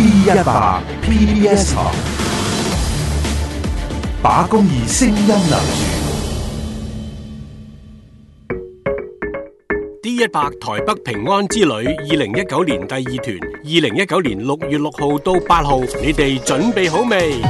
D 一百 PBS 把公義聲音留住。D 一百台北平安之旅二零一九年第二團，二零一九年六月六號到八號，你哋準備好未？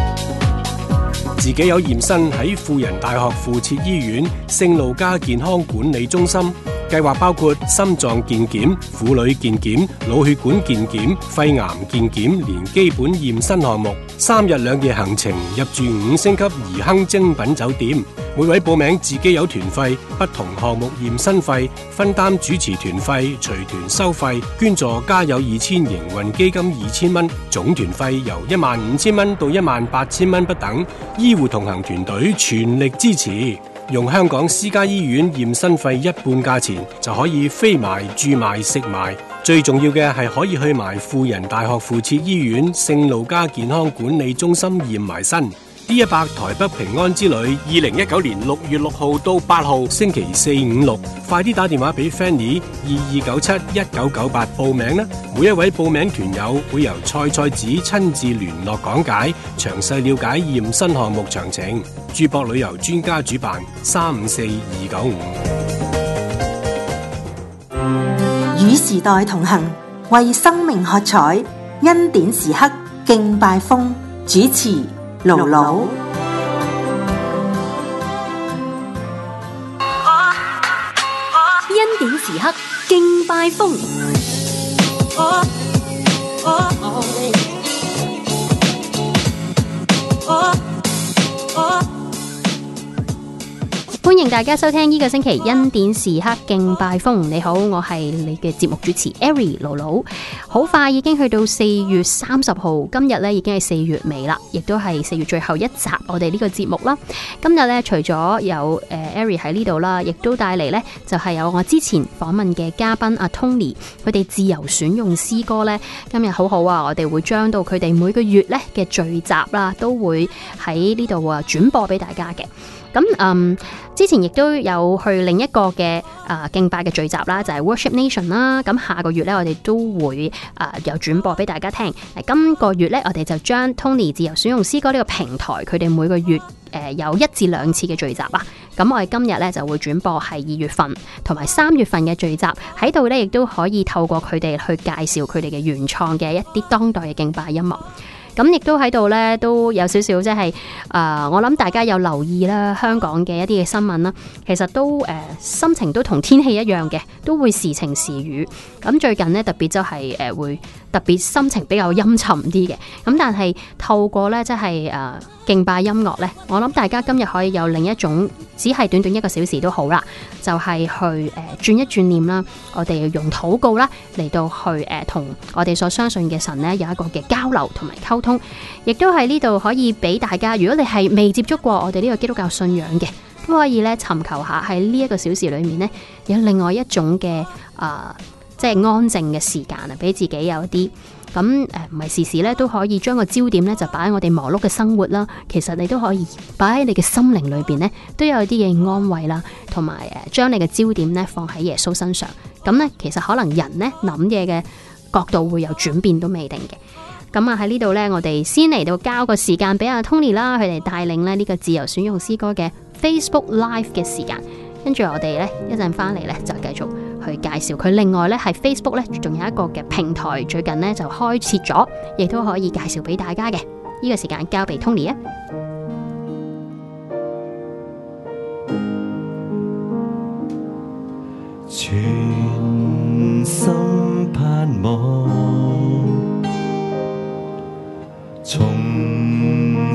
自己有驗身喺富仁大學附設醫院聖路加健康管理中心。計劃包括心臟健檢、婦女健檢、腦血管健檢、肺癌健檢，連基本驗身項目。三日兩夜行程，入住五星級怡亨精品酒店。每位報名自己有團費，不同項目驗身費分擔主持團費，隨團收費。捐助加有二千營運基金二千蚊，總團費由一萬五千蚊到一萬八千蚊不等。醫護同行團隊全力支持。用香港私家醫院驗身費一半價錢就可以飛埋住埋食埋，最重要嘅係可以去埋富仁大學附設醫院聖露嘉健康管理中心驗埋身。D 一百台北平安之旅，二零一九年六月六號到八號，星期四、五、六，快啲打電話俾 Fanny 二二九七一九九八報名啦！每一位報名團友會由蔡蔡子親自聯絡講解，詳細了解驗身項目詳情。珠博旅遊專家主辦，三五四二九五，與時代同行，為生命喝彩，恩典時刻敬拜風主持。盧盧，恩典時刻敬拜風，歡迎大家收聽呢個星期恩典時刻敬拜風。你好，我係你嘅節目主持 Eric 盧好快已經去到四月三十號，今日咧已經係四月尾啦，亦都係四月最後一集我哋呢個節目啦。今日咧除咗有誒、呃、Ari 喺呢度啦，亦都帶嚟咧就係、是、有我之前訪問嘅嘉賓阿、啊、Tony，佢哋自由選用詩歌咧。今日好好啊，我哋會將到佢哋每個月咧嘅聚集啦，都會喺呢度啊轉播俾大家嘅。咁嗯，之前亦都有去另一個嘅啊、呃、敬拜嘅聚集啦，就係、是、Worship Nation 啦。咁下個月咧，我哋都會啊、呃、有轉播俾大家聽。誒，今個月咧，我哋就將 Tony 自由選用詩歌呢個平台，佢哋每個月誒、呃、有一至兩次嘅聚集啊。咁我哋今日咧就會轉播係二月份同埋三月份嘅聚集喺度咧，亦都可以透過佢哋去介紹佢哋嘅原創嘅一啲當代嘅敬拜音樂。咁亦都喺度咧，都有少少即係，啊、呃，我諗大家有留意啦，香港嘅一啲嘅新聞啦，其實都誒、呃、心情都同天氣一樣嘅，都會時晴時雨。咁、嗯、最近呢，特別就係、是、誒、呃、會。特別心情比較陰沉啲嘅，咁但係透過呢，即係誒敬拜音樂呢，我諗大家今日可以有另一種，只係短短一個小時都好啦，就係、是、去誒、呃、轉一轉念啦，我哋用禱告啦嚟到去誒、呃、同我哋所相信嘅神呢有一個嘅交流同埋溝通，亦都係呢度可以俾大家，如果你係未接觸過我哋呢個基督教信仰嘅，都可以呢尋求下喺呢一個小時裡面呢有另外一種嘅誒。呃即係安靜嘅時間啊，俾自己有一啲咁誒，唔係時時咧都可以將個焦點咧就擺喺我哋忙碌嘅生活啦。其實你都可以擺喺你嘅心靈裏邊呢，都有啲嘢安慰啦，同埋誒，將你嘅焦點呢放喺耶穌身上。咁呢，其實可能人呢諗嘢嘅角度會有轉變都未定嘅。咁啊，喺呢度呢，我哋先嚟到交個時間俾阿 Tony 啦，佢哋帶領咧呢個自由選用詩歌嘅 Facebook Live 嘅時間，跟住我哋呢，一陣翻嚟呢，就繼續。去介紹佢，另外呢係 Facebook 呢，仲有一個嘅平台，最近呢就開設咗，亦都可以介紹俾大家嘅。呢個時間交俾 Tony 啊，全心盼望，從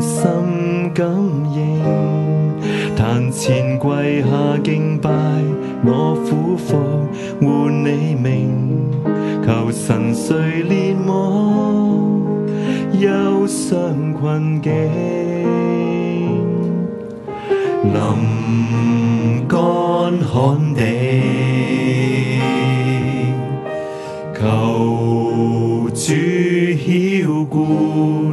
心感應，壇前跪下敬拜。我苦苦喚你名，求神垂憐我，憂傷困境，臨乾旱地，求主曉顧。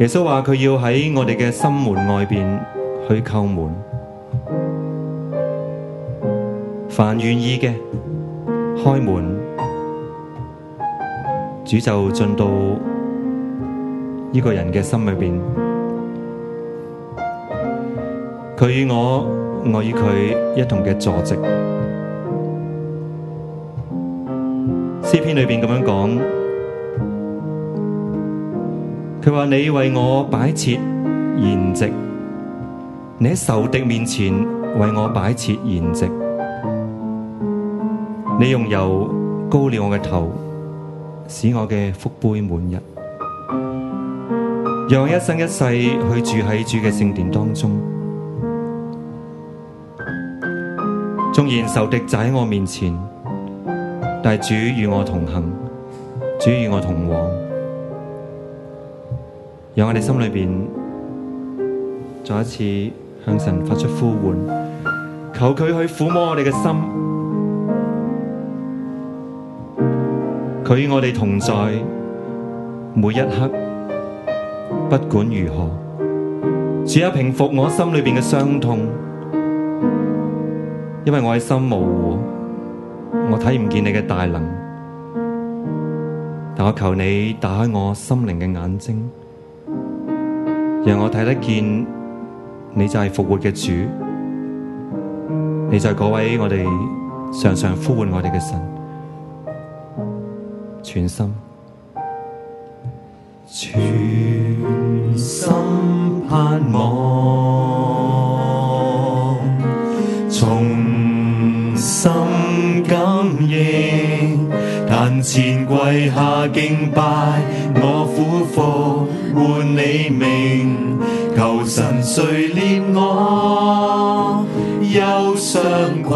耶穌話佢要喺我哋嘅心門外面去叩門，凡願意嘅開門，主就進到呢個人嘅心裏面。佢與我，我與佢一同嘅坐席。詩篇裏面咁樣講。佢話：你為我擺設筵席，你喺仇敵面前為我擺設筵席，你用油膏了我嘅頭，使我嘅福杯滿溢，讓我一生一世去住喺主嘅聖殿當中。縱然仇敵就喺我面前，但主與我同行，主與我同往。讓我哋心裏邊再一次向神發出呼喚，求佢去撫摸我哋嘅心，佢與我哋同在每一刻，不管如何，只有平復我心裏邊嘅傷痛，因為我嘅心模糊，我睇唔見你嘅大能，但我求你打開我心靈嘅眼睛。讓我睇得見，你就係復活嘅主，你就係嗰位我哋常常呼喚我哋嘅神，全心，全心盼望，從心感應，但前跪下敬拜，我俯伏喚你名。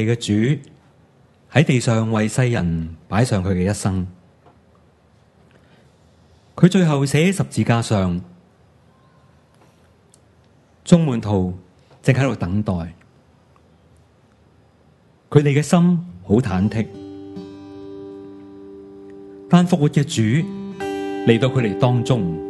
你嘅主喺地上為世人擺上佢嘅一生，佢最後寫十字架上，眾門徒正喺度等待，佢哋嘅心好忐忑，但復活嘅主嚟到佢哋當中。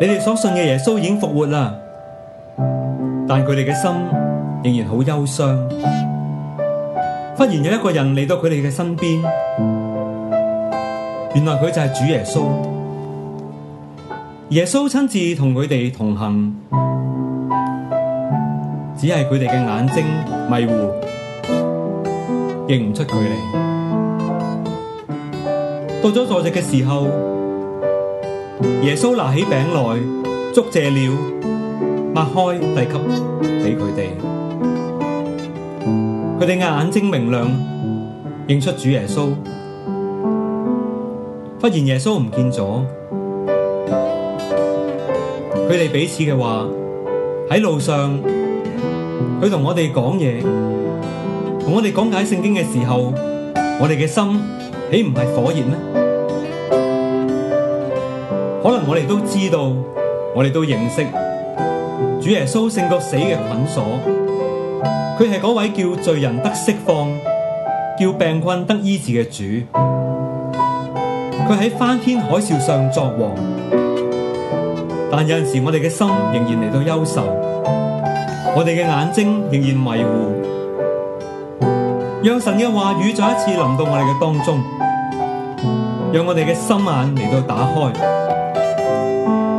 你哋所信嘅耶穌已經復活啦，但佢哋嘅心仍然好憂傷。忽然有一個人嚟到佢哋嘅身邊，原來佢就係主耶穌。耶穌親自同佢哋同行，只係佢哋嘅眼睛迷糊，認唔出佢哋。到咗坐席嘅時候。耶穌拿起餅來，祝謝了，擘開遞給俾佢哋。佢哋嘅眼睛明亮，認出主耶穌。忽然耶穌唔見咗，佢哋彼此嘅話喺路上，佢同我哋講嘢，同我哋講解聖經嘅時候，我哋嘅心豈唔係火熱咩？可能我哋都知道，我哋都認識主耶穌勝過死嘅捆鎖，佢係嗰位叫罪人得釋放、叫病困得醫治嘅主。佢喺翻天海嘯上作王，但有陣時我哋嘅心仍然嚟到憂愁，我哋嘅眼睛仍然迷糊，讓神嘅話語再一次臨到我哋嘅當中，讓我哋嘅心眼嚟到打開。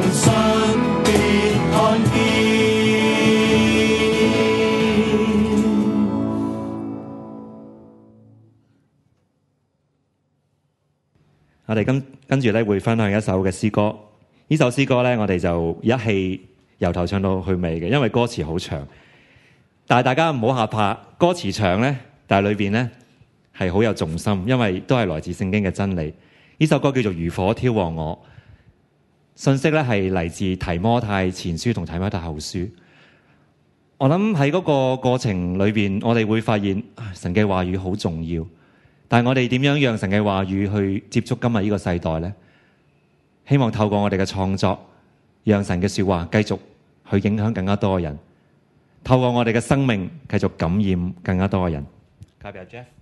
神，別看見。我哋跟跟住咧，會分享一首嘅詩歌。呢首詩歌咧，我哋就一氣由頭唱到去尾嘅，因為歌詞好長。但大家唔好下怕，歌詞長咧，但係裏邊咧係好有重心，因為都係來自聖經嘅真理。呢首歌叫做《如火挑旺我》。信息咧係嚟自《提摩太前書》同《提摩太後書》，我諗喺嗰個過程裏邊，我哋會發現、哎、神嘅話語好重要，但係我哋點樣讓神嘅話語去接觸今日呢個世代咧？希望透過我哋嘅創作，讓神嘅說話繼續去影響更加多嘅人，透過我哋嘅生命繼續感染更加多嘅人。加油 Jeff。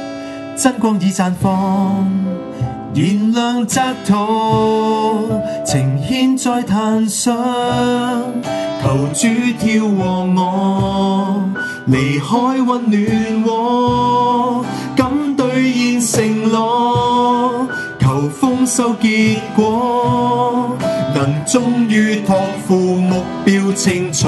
真光已綻放，燃亮澤土，呈獻在壇上，求主跳和我，離開温暖窩，敢兌現承諾，求豐收結果，能終於託付目標清楚。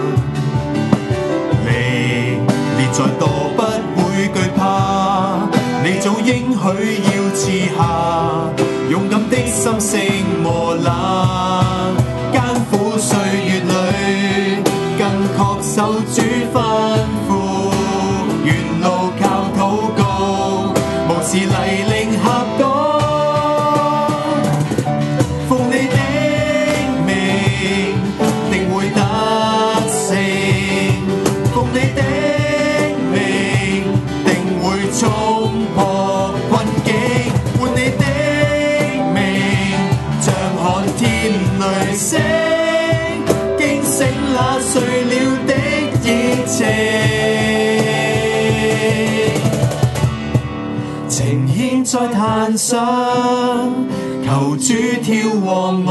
再多不會懼怕，你早應許要賜下，勇敢的心性，磨難艱苦歲月裏更確守主吩咐，沿路靠禱告，無視泥濘。衝破困境，喚你的名，像看天雷聲，驚醒那睡了的熱情。呈獻在嘆，上，求主眺望。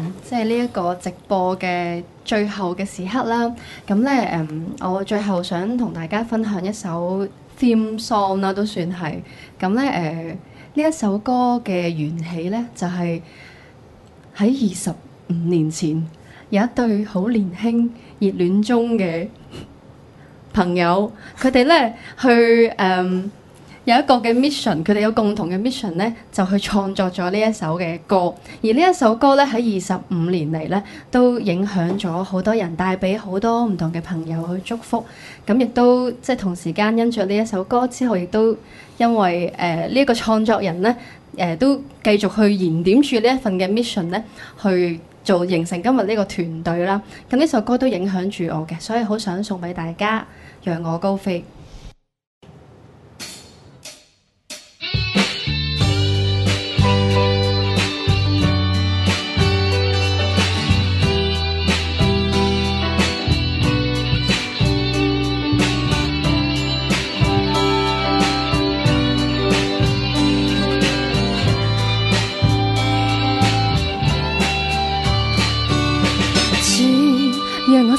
即係呢一個直播嘅最後嘅時刻啦，咁咧誒，我最後想同大家分享一首 theme song 啦，都算係。咁咧誒，呢，嗯，一首歌嘅緣起咧，就係喺二十五年前，有一對好年輕熱戀中嘅朋友，佢哋咧去誒。嗯有一個嘅 mission，佢哋有共同嘅 mission 呢，就去創作咗呢一首嘅歌。而呢一首歌呢，喺二十五年嚟呢，都影響咗好多人，帶俾好多唔同嘅朋友去祝福。咁、嗯、亦都即係同時間因着呢一首歌之後，亦都因為誒呢一個創作人呢，誒、呃、都繼續去燃點住呢一份嘅 mission 呢，去做形成今日呢個團隊啦。咁、嗯、呢首歌都影響住我嘅，所以好想送俾大家，讓我高飛。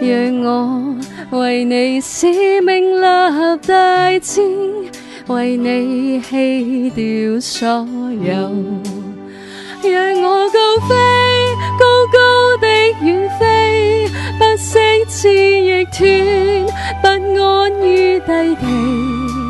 讓我為你使命立大志，為你棄掉所有。讓我高飛，高高的遠飛，不惜翅亦斷，不安於低地。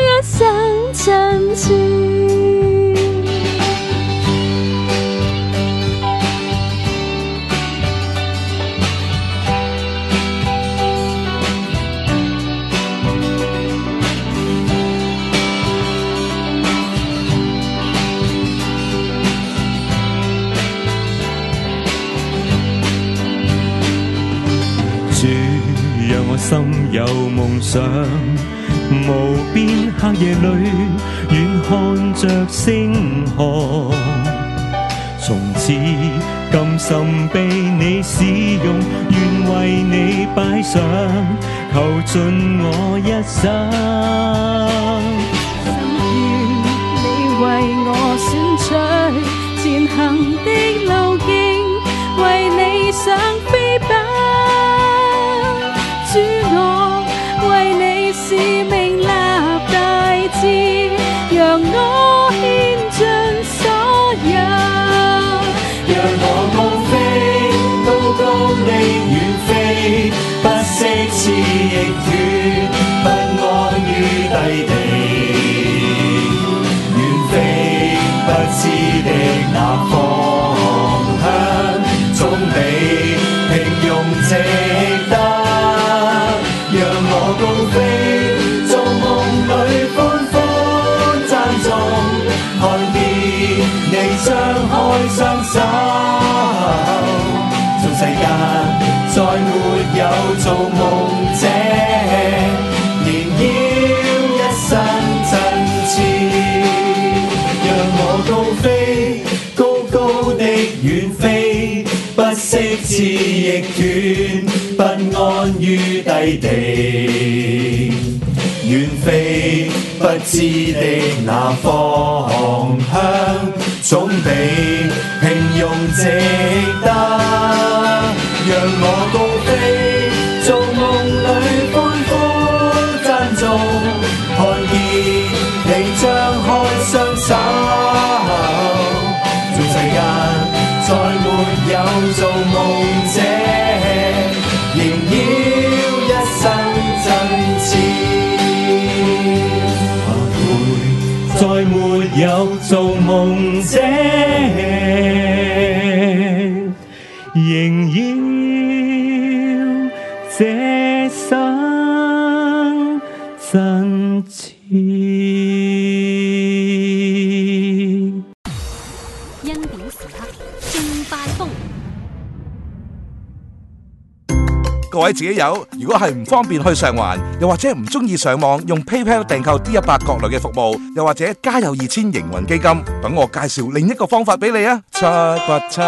一生珍存，主讓我心有夢想。無邊黑夜裏，遠看著星河。從此甘心被你使用，願為你擺上，求盡我一生。你張開雙手，縱世間再沒有造夢者，仍要一身振翅，讓我高飛，高高的遠飛，不惜翅亦斷，不安於低地，遠飛不知的那方向。總比平庸值得，讓我高。自己有，如果係唔方便去上環，又或者唔中意上網用 PayPal 訂購 D 一百各類嘅服務，又或者加有二千營運基金，等我介紹另一個方法俾你啊！七八七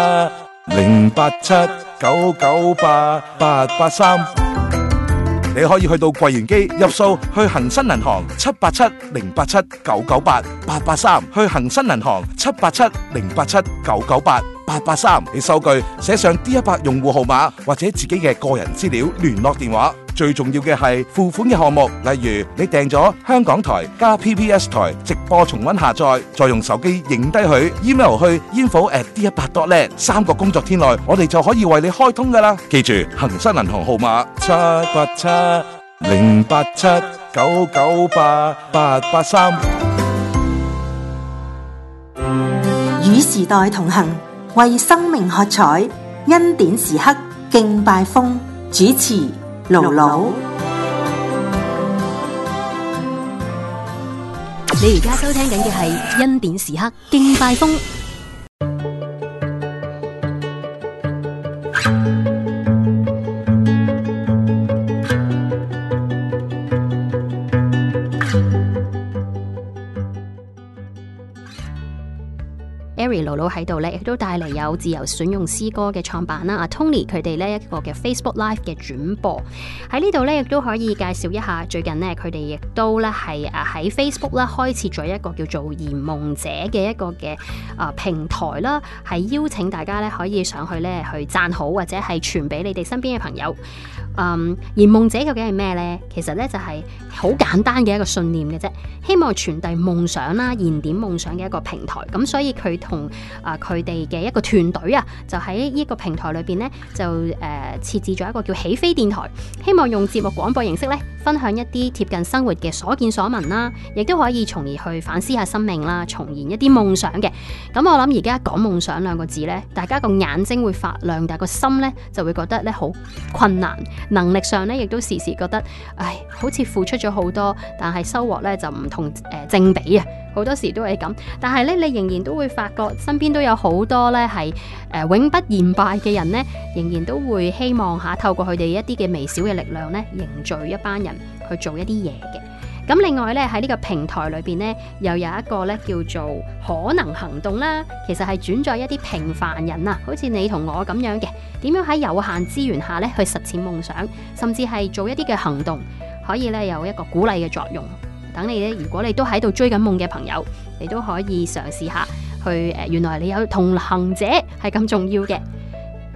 零八七九九八八八三，你可以去到櫃員機入數去恒生銀行七八七零八七九九八八八三，8, 3, 去恒生銀行七八七零八七九九八。八八三，3, 你收據寫上 D 一百用戶號碼或者自己嘅個人資料聯絡電話，最重要嘅係付款嘅項目，例如你訂咗香港台加 PPS 台直播重温下載，再用手機影低佢 email 去 info at d 一百 d o t net 三個工作天內我哋就可以為你開通噶啦。記住恒生銀行號碼七八七零八七九九八八八三，與時代同行。為生命喝彩，恩典時刻敬拜風。主持盧盧、勞勞，你而家收聽緊嘅係恩典時刻敬拜風。老老喺度咧，亦都帶嚟有自由選用詩歌嘅創辦啦。啊，Tony 佢哋呢一個嘅 Facebook Live 嘅轉播喺呢度咧，亦都可以介紹一下最近呢，佢哋亦都咧係啊喺 Facebook 啦開設咗一個叫做《圓夢者》嘅一個嘅啊平台啦，係邀請大家咧可以上去咧去讚好或者係傳俾你哋身邊嘅朋友。嗯，燃夢者究竟係咩呢？其實呢，就係好簡單嘅一個信念嘅啫，希望傳遞夢想啦，燃點夢想嘅一個平台。咁所以佢同啊佢哋嘅一個團隊啊，就喺呢個平台裏邊呢，就誒設置咗一個叫起飛電台，希望用節目廣播形式呢，分享一啲貼近生活嘅所見所聞啦，亦都可以從而去反思下生命啦，重燃一啲夢想嘅。咁我諗而家講夢想兩個字呢，大家個眼睛會發亮，但係個心呢，就會覺得咧好困難。能力上咧，亦都時時覺得，唉，好似付出咗好多，但係收穫咧就唔同誒、呃、正比啊。好多時都係咁，但係咧，你仍然都會發覺身邊都有好多咧係誒永不言敗嘅人咧，仍然都會希望嚇透過佢哋一啲嘅微小嘅力量咧，凝聚一班人去做一啲嘢嘅。咁另外咧，喺呢個平台裏邊咧，又有一個咧叫做可能行動啦，其實係轉載一啲平凡人啊，好似你同我咁樣嘅，點樣喺有限資源下咧去實踐夢想，甚至係做一啲嘅行動，可以咧有一個鼓勵嘅作用。等你咧，如果你都喺度追緊夢嘅朋友，你都可以嘗試下去。誒，原來你有同行者係咁重要嘅。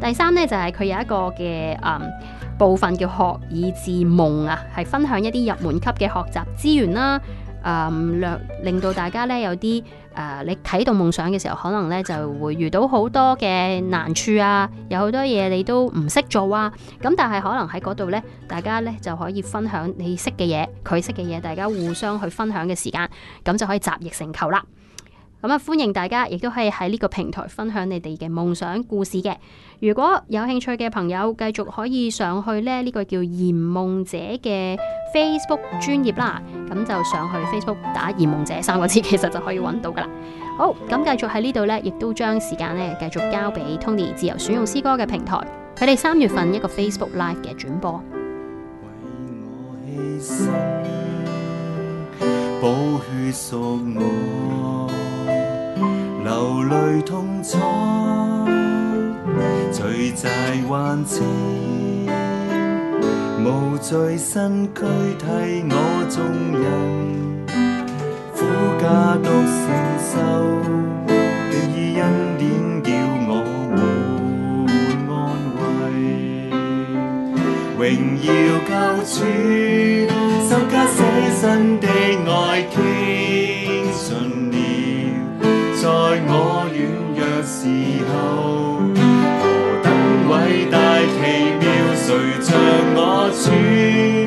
第三咧，就係佢有一個嘅嗯。部分叫學以致夢啊，係分享一啲入門級嘅學習資源啦、啊，誒、嗯，令令到大家咧有啲誒、呃，你睇到夢想嘅時候，可能咧就會遇到好多嘅難處啊，有好多嘢你都唔識做啊，咁但係可能喺嗰度咧，大家咧就可以分享你識嘅嘢，佢識嘅嘢，大家互相去分享嘅時間，咁就可以集腋成裘啦。咁啊，嗯，歡迎大家，亦都可以喺呢個平台分享你哋嘅夢想故事嘅。如果有興趣嘅朋友，繼續可以上去咧，呢，這個叫《言夢者》嘅 Facebook 專頁啦。咁就上去 Facebook 打《言夢者》三個字，其實就可以揾到噶啦。好，咁，嗯，繼續喺呢度呢，亦都將時間呢繼續交俾 Tony 自由選用詩歌嘅平台。佢哋三月份一個 Facebook Live 嘅轉播。為我犧牲，寶血贖我。」流淚痛楚，除債還錢，無罪身軀替我眾人苦架獨承受，願意恩典叫我滿滿安慰，榮耀救主，受加捨身的愛天。何等偉大奇妙，誰像我主？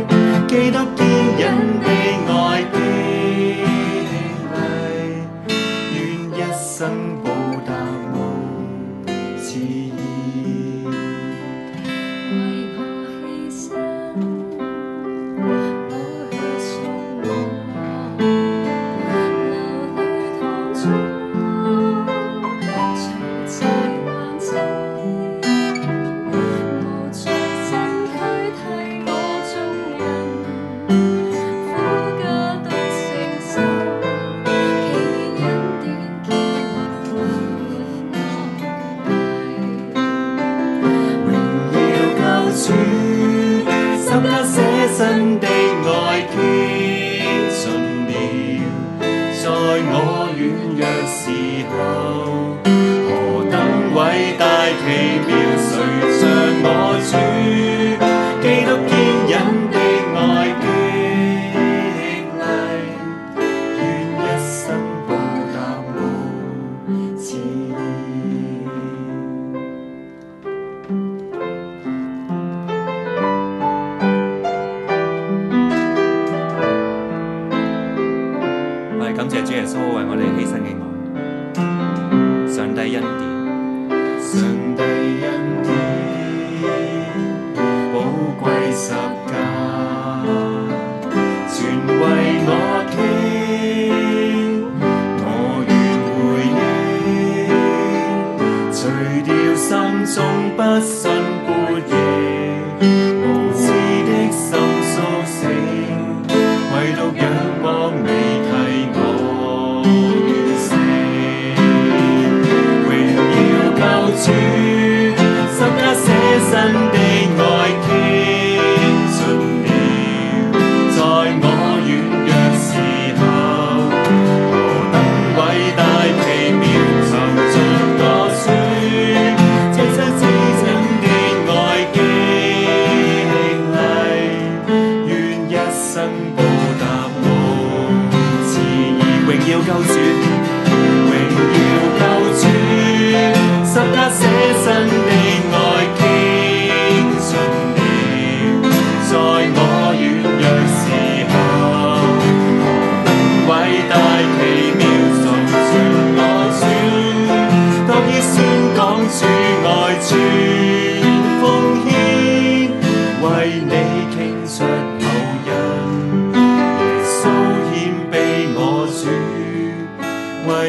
耶穌為我哋犧牲嘅愛，上帝恩典。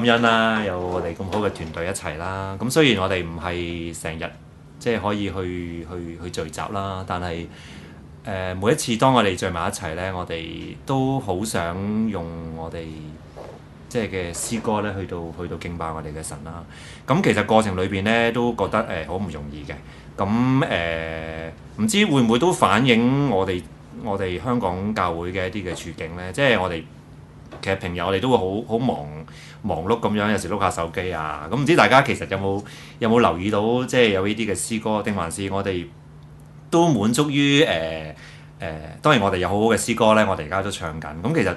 感恩啦、啊，有我哋咁好嘅團隊一齊啦。咁雖然我哋唔係成日即係可以去去去聚集啦，但係誒、呃、每一次當我哋聚埋一齊呢，我哋都好想用我哋即係嘅詩歌呢去到去到敬拜我哋嘅神啦。咁其實過程裏邊呢，都覺得誒好唔容易嘅。咁誒唔知會唔會都反映我哋我哋香港教會嘅一啲嘅處境呢？即係我哋。其實平日我哋都會好好忙忙碌咁樣，有時碌下手機啊。咁唔知大家其實有冇有冇留意到，即係有呢啲嘅詩歌、定還是我哋都滿足於誒誒、呃呃。當然我哋有好好嘅詩歌咧，我哋而家都在唱緊。咁其實誒、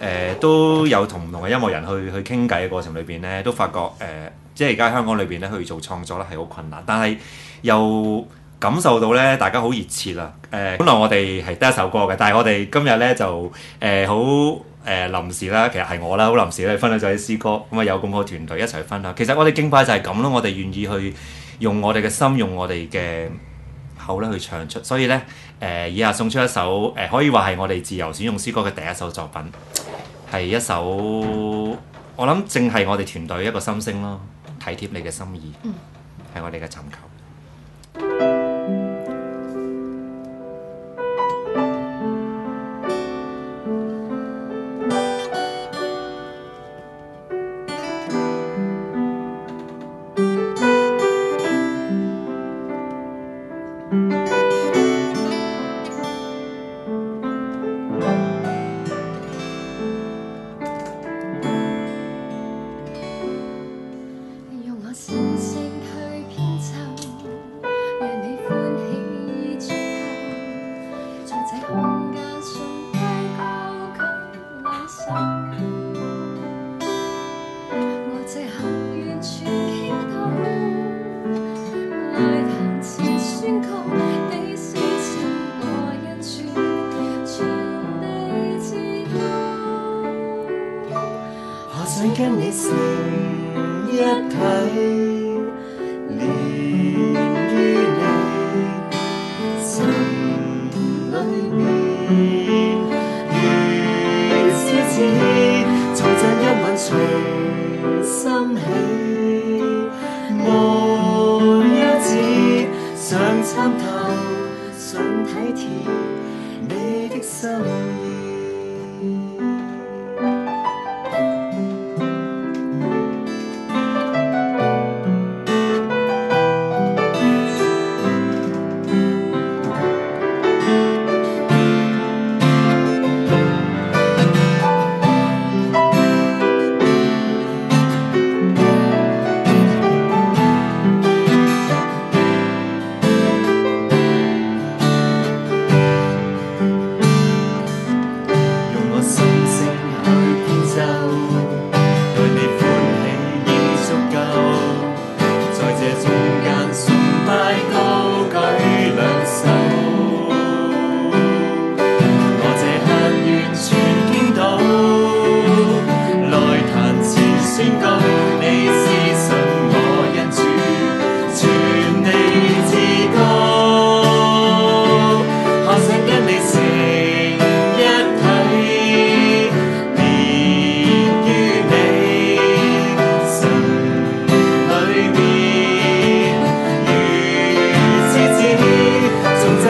呃、都有同唔同嘅音樂人去去傾偈嘅過程裏邊咧，都發覺誒、呃，即係而家香港裏邊咧去做創作咧係好困難，但係又感受到咧大家好熱切啊。誒、呃，本來我哋係得一首歌嘅，但係我哋今日咧就誒好。呃誒、呃、臨時啦，其實係我啦，好臨時咧，分享咗啲詩歌，咁、嗯、啊有咁好團隊一齊分享。其實我哋敬拜就係咁咯，我哋願意去用我哋嘅心，用我哋嘅口咧去唱出。所以呢，誒、呃、以下送出一首誒、呃，可以話係我哋自由選用詩歌嘅第一首作品，係一首我諗正係我哋團隊一個心聲咯，體貼你嘅心意，係我哋嘅尋求。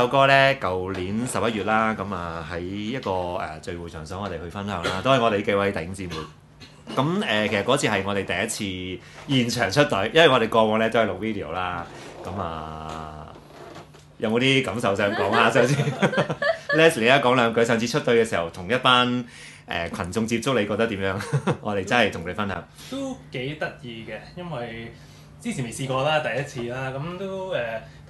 首歌咧，舊年十一月啦，咁啊喺一個誒聚會場所，我哋去分享啦，都係我哋幾位弟兄姊妹。咁誒，其實嗰次係我哋第一次現場出隊，因為我哋過往咧都係錄 video 啦。咁啊，有冇啲感受想講下先？Leslie，你講兩句。上次出隊嘅時候，同一班誒羣眾接觸，你覺得點樣？我哋真係同你分享。都幾得意嘅，因為之前未試過啦，第一次啦。咁都誒，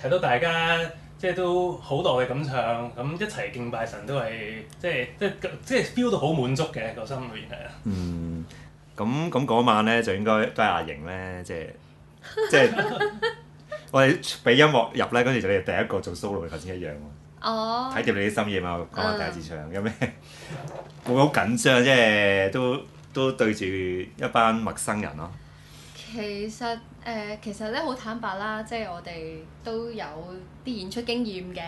睇到大家。即係都好耐咁唱，咁一齊敬拜神都係，即係即即係 feel 到好滿足嘅個心裏面啊！嗯，咁咁嗰晚咧就應該都係阿瑩咧，即係即係我哋俾音樂入咧，跟住就你哋第一個做 solo 嘅頭先一樣喎。哦，睇掂你啲心意嘛，講下第一次唱有咩會好、uh, 緊張即係都都對住一班陌生人咯。其實。誒、呃，其實咧好坦白啦，即係我哋都有啲演出經驗嘅，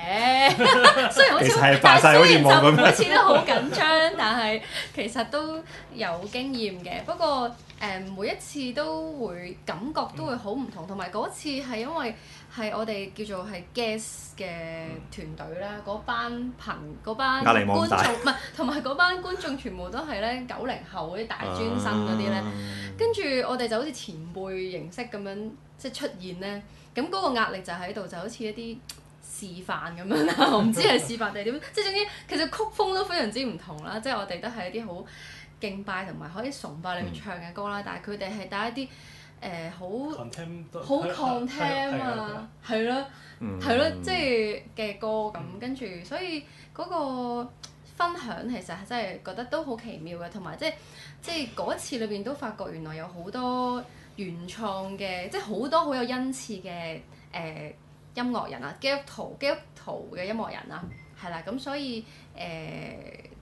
雖然好似，但係雖然就每次都好緊張， 但係其實都有經驗嘅。不過誒、呃，每一次都會感覺都會好唔同，同埋嗰次係因為。係我哋叫做係 guest 嘅團隊啦，嗰、嗯、班朋嗰班觀眾，唔係同埋嗰班觀眾全部都係咧九零後嗰啲大專生嗰啲咧，啊、跟住我哋就好似前輩形式咁樣即係、就是、出現咧，咁嗰個壓力就喺度，就好似一啲示範咁樣啦。 我唔知係示範定係點，即係 總之其實曲風都非常之唔同啦。即、就、係、是、我哋都係一啲好敬拜同埋可以崇拜裡面唱嘅歌啦，嗯、但係佢哋係帶一啲。誒好好抗聽啊，係咯係咯，即係嘅歌咁，嗯嗯嗯、跟住所以嗰、那個分享其實係真係覺得都好奇妙嘅，同埋即係即係嗰一次裏邊都發覺原來有好多原創嘅，即係好多好有恩賜嘅誒、呃、音樂人啊，基督徒基督徒嘅音樂人啊，係啦，咁所以誒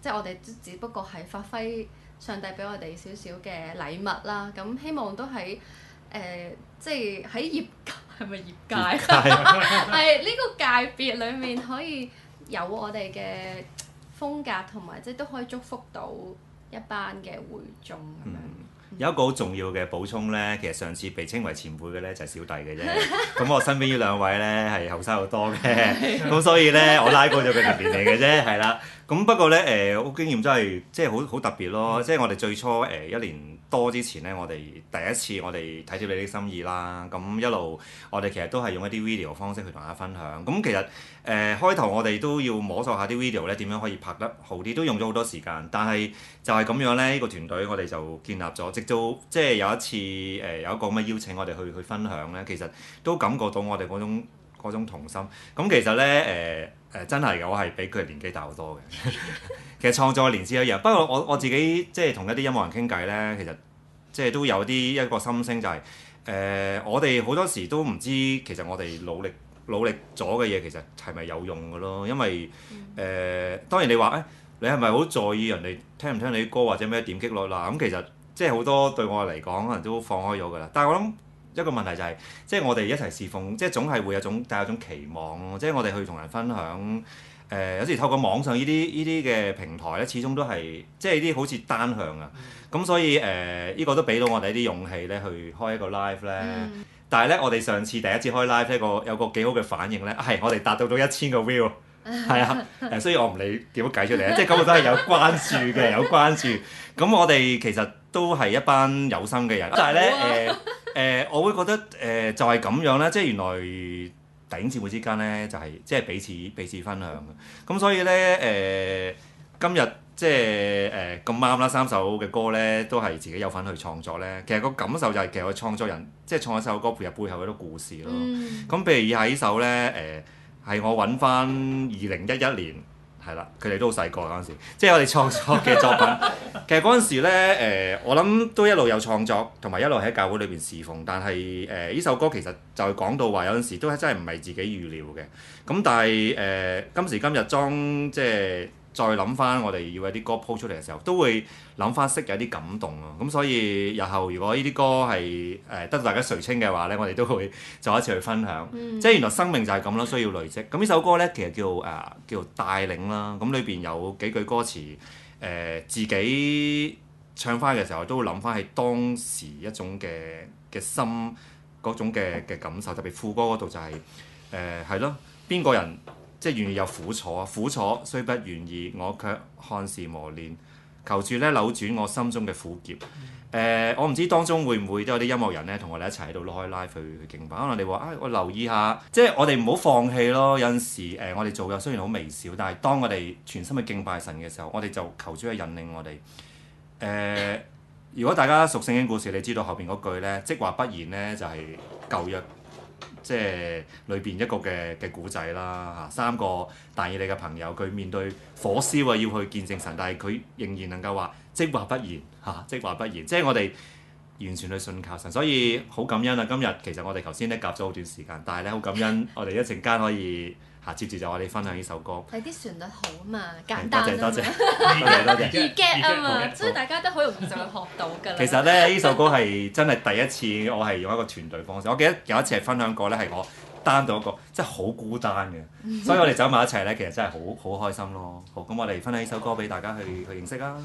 即係我哋只不過係發揮上帝俾我哋少少嘅禮物啦，咁、啊嗯、希望都喺誒、呃，即係喺業界，係咪業界？係呢個界別裡面可以有我哋嘅風格，同埋即係都可以祝福到一班嘅會眾咁樣。嗯。有一個好重要嘅補充咧，其實上次被稱為前輩嘅咧就係小弟嘅啫。咁 我身邊呢兩位咧係後生好多嘅，咁 所以咧我拉高咗佢年齡嚟嘅啫，係啦。咁不過咧誒，好、呃、經驗真係即係好好特別咯。即係 我哋最初誒一年多之前咧，我哋第一次我哋睇咗你啲心意啦。咁一路我哋其實都係用一啲 video 方式去同大家分享。咁其實。誒開頭我哋都要摸索下啲 video 咧，點樣可以拍得好啲，都用咗好多時間。但係就係咁樣咧，呢、呢個團隊我哋就建立咗。直到即係有一次誒、呃、有一個咁嘅邀請我，我哋去去分享咧，其實都感覺到我哋嗰種嗰種童心。咁、嗯、其實咧誒誒真係嘅，我係比佢年紀大好多嘅。 其實創作年資一樣，不過我我自己即係同一啲音樂人傾偈咧，其實即係都有啲一個心聲，就係，就係誒我哋好多時都唔知，其實我哋努力。努力咗嘅嘢其實係咪有用嘅咯？因為誒、嗯呃，當然你話誒，你係咪好在意人哋聽唔聽你啲歌或者咩點擊率啦？咁其實即係好多對我嚟講，可能都放開咗㗎啦。但係我諗一個問題就係、是，即係我哋一齊侍奉，即係總係會有種帶有種期望咯。即係我哋去同人分享誒，有、呃、時透過網上呢啲呢啲嘅平台咧，始終都係即係呢啲好似單向啊。咁、嗯、所以誒，依、呃呢個都俾到我哋一啲勇氣咧，去開一個 live 咧。嗯但係咧，我哋上次第一次開 live，一個有一個幾好嘅反應咧，係我哋達到到一千個 view，係啊，所以我唔理點樣計出嚟啊，即係咁都係有關注嘅，有關注。咁我哋其實都係一班有心嘅人，但係咧誒誒，我會覺得誒、呃、就係、是、咁樣咧，即係原來電影節目之間咧就係即係彼此彼此分享嘅。咁所以咧誒、呃，今日。即係誒咁啱啦，三首嘅歌咧都係自己有份去創作咧。其實個感受就係其實個創作人，即係創一首歌入背後嘅啲故事咯。咁譬、嗯、如以下呢首咧誒，係、呃、我揾翻二零一一年係啦，佢哋都好細個嗰陣時，即係我哋創作嘅作品。 其實嗰陣時咧誒、呃，我諗都一路有創作同埋一路喺教會裏邊侍奉，但係誒呢首歌其實就係講到話有陣時都係真係唔係自己預料嘅。咁但係誒、呃、今時今日裝即係。再諗翻我哋要一啲歌鋪出嚟嘅時候，都會諗翻識有啲感動啊！咁所以日後如果呢啲歌係誒、呃、得到大家垂青嘅話咧，我哋都會再一次去分享。嗯、即係原來生命就係咁啦，需要累積。咁呢首歌咧其實叫誒、呃、叫帶領啦。咁裏邊有幾句歌詞誒、呃，自己唱翻嘅時候都會諗翻係當時一種嘅嘅心嗰種嘅嘅感受，特別副歌嗰度就係誒係咯，邊、呃、個人？即係願意有苦楚，啊，苦楚雖不願意，我卻看似磨練，求主咧扭轉我心中嘅苦澀。誒、呃，我唔知當中會唔會都有啲音樂人咧同我哋一齊喺度攞開 live 去去敬拜。可能你話啊、哎，我留意下，即係我哋唔好放棄咯。有陣時誒、呃，我哋做嘅雖然好微小，但係當我哋全心去敬拜神嘅時候，我哋就求主去引領我哋。誒、呃，如果大家熟悉聖經故事，你知道後邊嗰句咧，即話不言呢，就係、是、舊約。即係裏邊一個嘅嘅故仔啦嚇，三個但以理嘅朋友，佢面對火燒啊，要去見證神，但係佢仍然能夠話即或不然嚇、啊，即或不然，即係我哋完全去信靠神，所以好感恩啊！今日其實我哋頭先咧夾咗好短時間，但係咧好感恩，我哋一陣間可以。 嚇！接住就我哋分享呢首歌，係啲旋律好嘛，簡單啊嘛，易 get 啊嘛，所以大家都好容易就去學到噶啦。其實咧，呢首歌係真係第一次，我係用一個團隊方式。我記得有一次係分享過咧，係我單獨一個，即係好孤單嘅。所以我哋走埋一齊咧，其實真係好好開心咯。好，咁我哋分享呢首歌俾大家去去認識啦。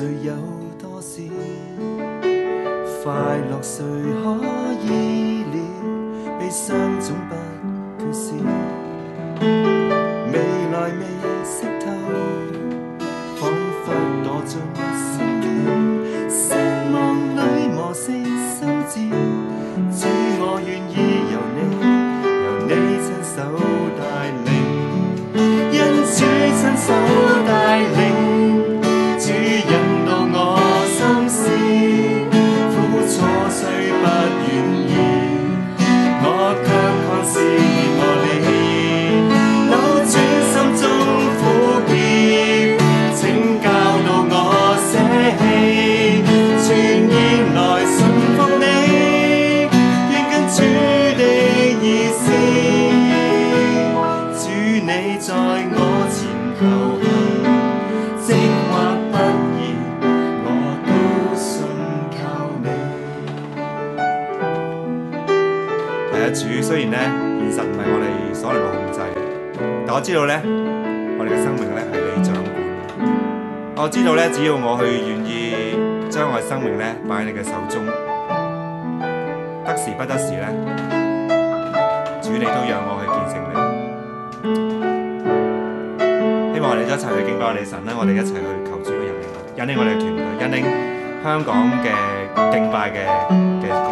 誰有多少快樂？誰可以了？悲傷總不缺少。未來未識透，彷彿躲進心裏，失望裏磨蝕心智。主我願意由你，由你親手帶領，因此親手帶領。我知道咧，只要我去願意將我嘅生命咧，擺喺你嘅手中，得時不得時咧，主你都讓我去見證你。希望我哋都一齊去敬拜你神咧，我哋一齊去求主嘅引領，引領我哋嘅團隊，引領香港嘅敬拜嘅嘅。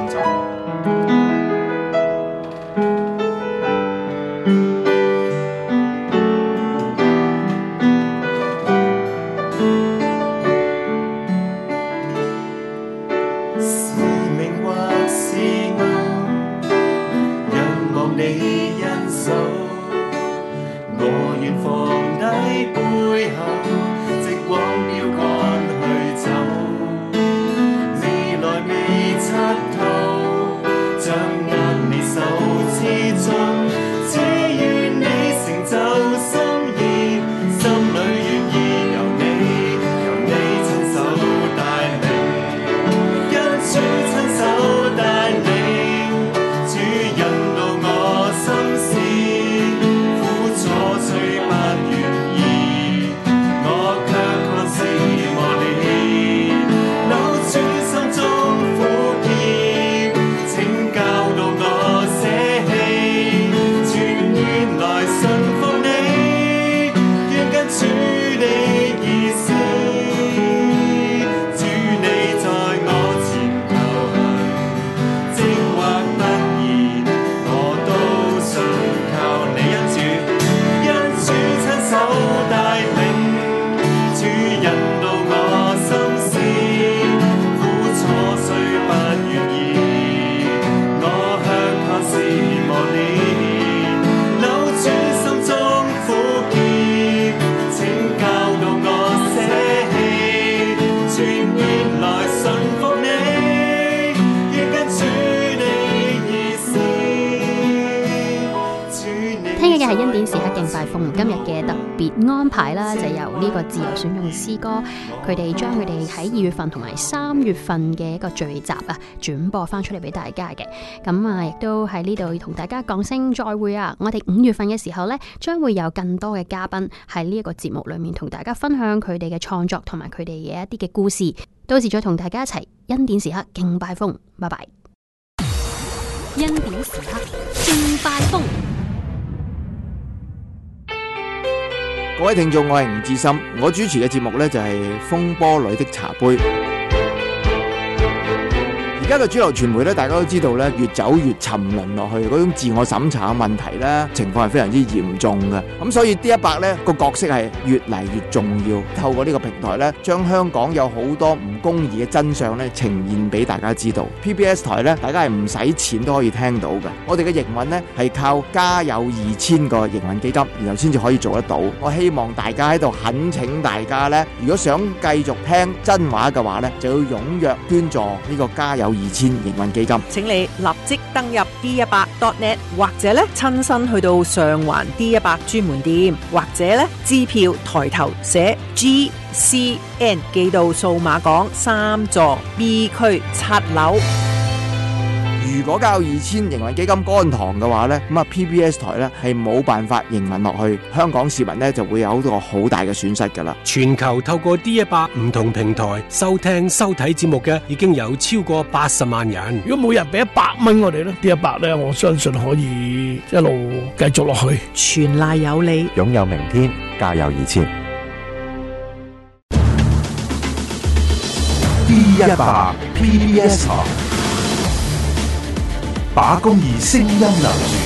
同埋三月份嘅一個聚集啊，轉播翻出嚟俾大家嘅。咁啊亦都喺呢度同大家講聲再會啊！我哋五月份嘅時候呢，將會有更多嘅嘉賓喺呢一個節目裏面同大家分享佢哋嘅創作同埋佢哋嘅一啲嘅故事。到時再同大家一齊恩典時刻敬拜風，拜拜！恩典時刻敬拜風。各位聽眾，我係吳志森，我主持嘅節目呢，就係、是《風波裡的茶杯》。而家嘅主流傳媒咧，大家都知道咧，越走越沉淪落去，嗰種自我審查嘅問題咧，情況係非常之嚴重嘅。咁所以 D100 咧，個角色係越嚟越重要。透過呢個平台咧，將香港有好多唔公義嘅真相咧，呈現俾大家知道。P P S 台咧，大家係唔使錢都可以聽到嘅。我哋嘅營運咧，係靠加油二千個營運基金，然後先至可以做得到。我希望大家喺度懇請大家咧，如果想繼續聽真話嘅話咧，就要踴躍捐助呢個加油。二千營運基金，請你立即登入 D100.net，或者咧親身去到上環 D100 專門店，或者咧支票抬頭寫 GCN，寄到數碼港三座 B 區七樓。如果交二千營運基金乾塘嘅話呢，咁啊 P B S 台呢，係冇辦法營運落去，香港市民呢就會有一個好大嘅損失噶啦。全球透過 D 一百唔同平台收聽收睇節目嘅已經有超過八十萬人。如果每人俾一百蚊我哋呢 D 一百呢，我相信可以一路繼續落去，全賴有你，擁有明天，加油二千。D 一百 P B S 把公益聲音留住。